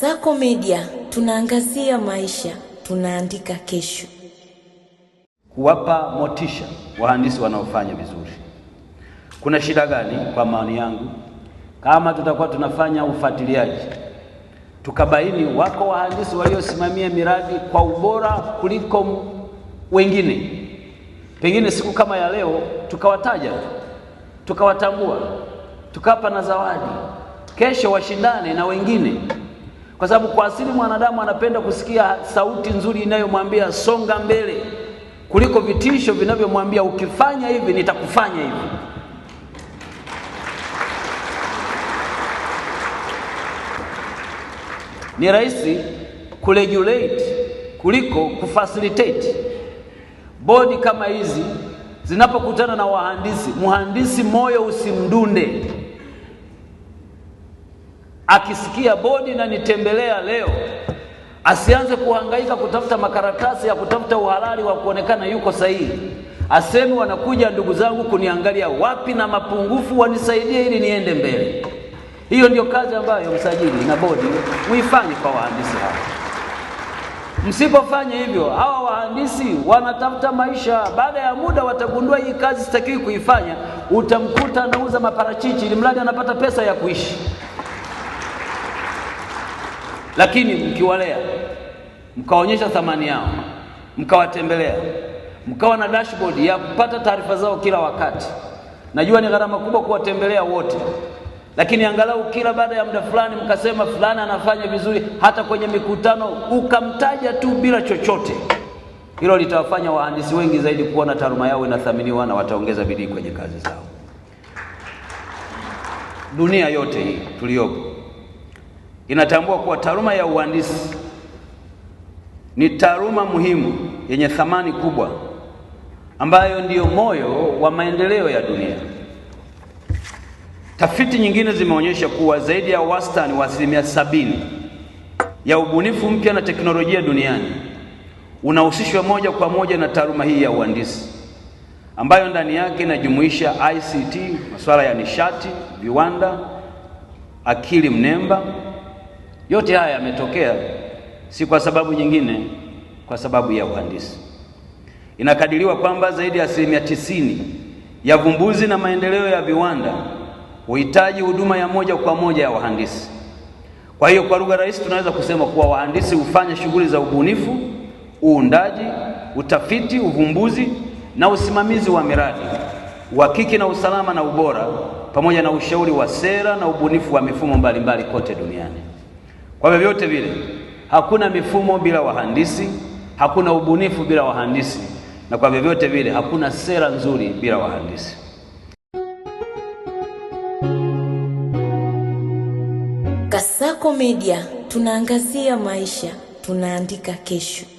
Sako Media tunaangazia maisha, tunaandika kesho. Kuwapa motisha wahandisi wanaofanya vizuri. Kuna shida gani? Kwa maoni yangu, kama tutakuwa tunafanya ufuatiliaji, tukabaini wako wahandisi waliosimamia miradi kwa ubora kuliko wengine, pengine siku kama ya leo tukawataja, tukawatambua, tukapa na zawadi, kesho washindane na wengine kwa sababu kwa asili mwanadamu anapenda kusikia sauti nzuri inayomwambia songa mbele kuliko vitisho vinavyomwambia ukifanya hivi nitakufanya hivi. Ni rahisi kuregulate kuliko kufacilitate. Bodi kama hizi zinapokutana na wahandisi, mhandisi moyo usimdunde akisikia bodi na nitembelea leo, asianze kuhangaika kutafuta makaratasi ya kutafuta uhalali wa kuonekana yuko sahihi. Aseme wanakuja ndugu zangu kuniangalia wapi na mapungufu, wanisaidie ili niende mbele. Hiyo ndio kazi ambayo msajili na bodi uifanye kwa wahandisi hawa. Msipofanya hivyo, hawa wahandisi wanatafuta maisha. Baada ya muda watagundua hii kazi sitakiwi kuifanya, utamkuta anauza maparachichi, ili mradi anapata pesa ya kuishi. Lakini mkiwalea mkaonyesha thamani yao, mkawatembelea, mkawa na dashboard ya kupata taarifa zao kila wakati. Najua ni gharama kubwa kuwatembelea wote, lakini angalau kila baada ya muda fulani mkasema fulani anafanya vizuri, hata kwenye mikutano ukamtaja tu bila chochote. Hilo litawafanya wahandisi wengi zaidi kuona taaluma yao inathaminiwa na wataongeza bidii kwenye kazi zao. Dunia yote hii tuliyopo inatambua kuwa taaluma ya uhandisi ni taaluma muhimu yenye thamani kubwa ambayo ndiyo moyo wa maendeleo ya dunia. Tafiti nyingine zimeonyesha kuwa zaidi ya wastani wa asilimia sabini ya ubunifu mpya na teknolojia duniani unahusishwa moja kwa moja na taaluma hii ya uhandisi ambayo ndani yake inajumuisha ICT, masuala ya nishati, viwanda, akili mnemba yote haya yametokea si kwa sababu nyingine, kwa sababu ya uhandisi. Inakadiriwa kwamba zaidi ya asilimia tisini ya vumbuzi na maendeleo ya viwanda huhitaji huduma ya moja kwa moja ya wahandisi. Kwa hiyo kwa lugha rahisi, tunaweza kusema kuwa wahandisi hufanya shughuli za ubunifu, uundaji, utafiti, uvumbuzi na usimamizi wa miradi, uhakiki na usalama na ubora, pamoja na ushauri wa sera na ubunifu wa mifumo mbalimbali kote duniani. Kwa vyovyote vile, hakuna mifumo bila wahandisi, hakuna ubunifu bila wahandisi, na kwa vyovyote vile hakuna sera nzuri bila wahandisi. Kasako Media tunaangazia maisha, tunaandika kesho.